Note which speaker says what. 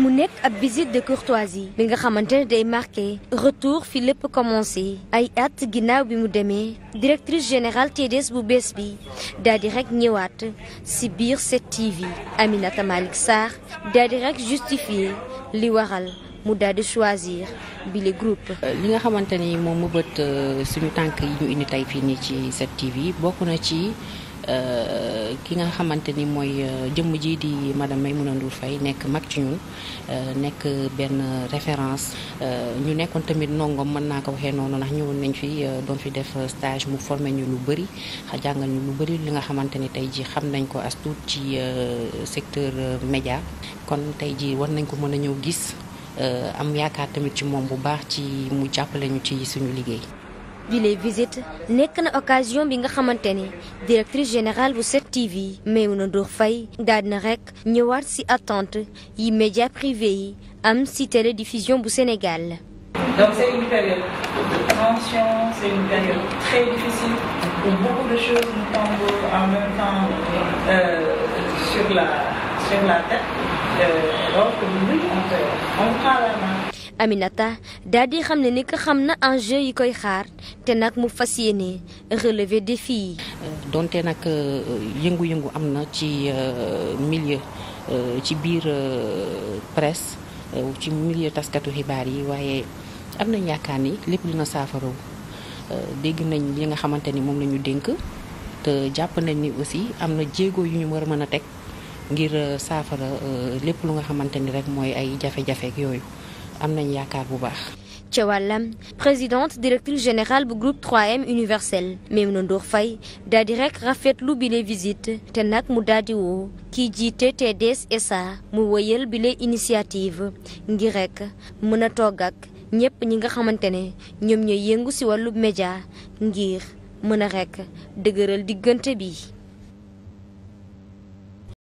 Speaker 1: mu nekk ab visite de courtoisie bi nga xamante ne day marqué retour fi lépp commencé ay at ginnaaw bi mu demee directrice générale TDS bu bees bi daal rek ñëwaat si biir 7TV Aminata Malick Sarr daal di rek justifié li waral mu daal di choisir
Speaker 2: bi groupe. Euh, li nga xamante ni moom mu bët euh, suñu tànk yi ñu indi tey fii nii ci 7TV bokk na ci euh, ki nga xamante ni mooy jëmm jii di madame Maimouna Ndour Faye nekk mag ci ñun nekk benn référence ñu nekkoon tamit ndongoom mën naa ko waxee noonu ndax ñëwoon nañ fi doon fi def stage mu formé ñu lu bëri jàngal ñu lu bëri li nga xamante ni tey ji xam nañ ko as tuut ci secteur média kon tey ji war nañ ko mën a ñëw gis Euh, am yaakaar tamit ci moom bu baax ci mu jàppale ñu ci suñu liggéey.
Speaker 1: bile visite nekk na occasion bi nga xamante ne directrice générale bu 7TV Maïmouna na door daal na rekk ñëwaat ci attente yi média privé yi am ci télédiffusion bu Sénégal. Euh, la alors que ñun moom Aminata daal xam ne ni ko xam na enjeu yi koy xaar te nag mu fas yéene relever défi yi.
Speaker 2: donte nag euh, yëngu-yëngu am na ci euh, milieu euh, ci biir presse ci milieu taskatu xibaar yi waaye am na yaakaar ni lépp dina saafara dégg nañ li nga xamante ni moom lañu dénk te jàpp nañ ni aussi am na jéego yu ñu war a mën a teg. ngir euh, saafara euh, lépp lu nga xamante ni rek mooy ay jafe-jafe yooyu am nañ yaakaar bu baax.
Speaker 1: ca wàllam présidente directrice générale bu groupe 3M universel Maïmouna Ndour Faye daal di rek rafetlu bile visite te nag mu daal di woo kii jiite TDS SA mu wëyal bile initiative ngir rek mën a togg ak ñëpp ñi nga xamante ne ñoom ñooy yëngu ci wàllu média ngir mën a rek dëgëral diggante bi.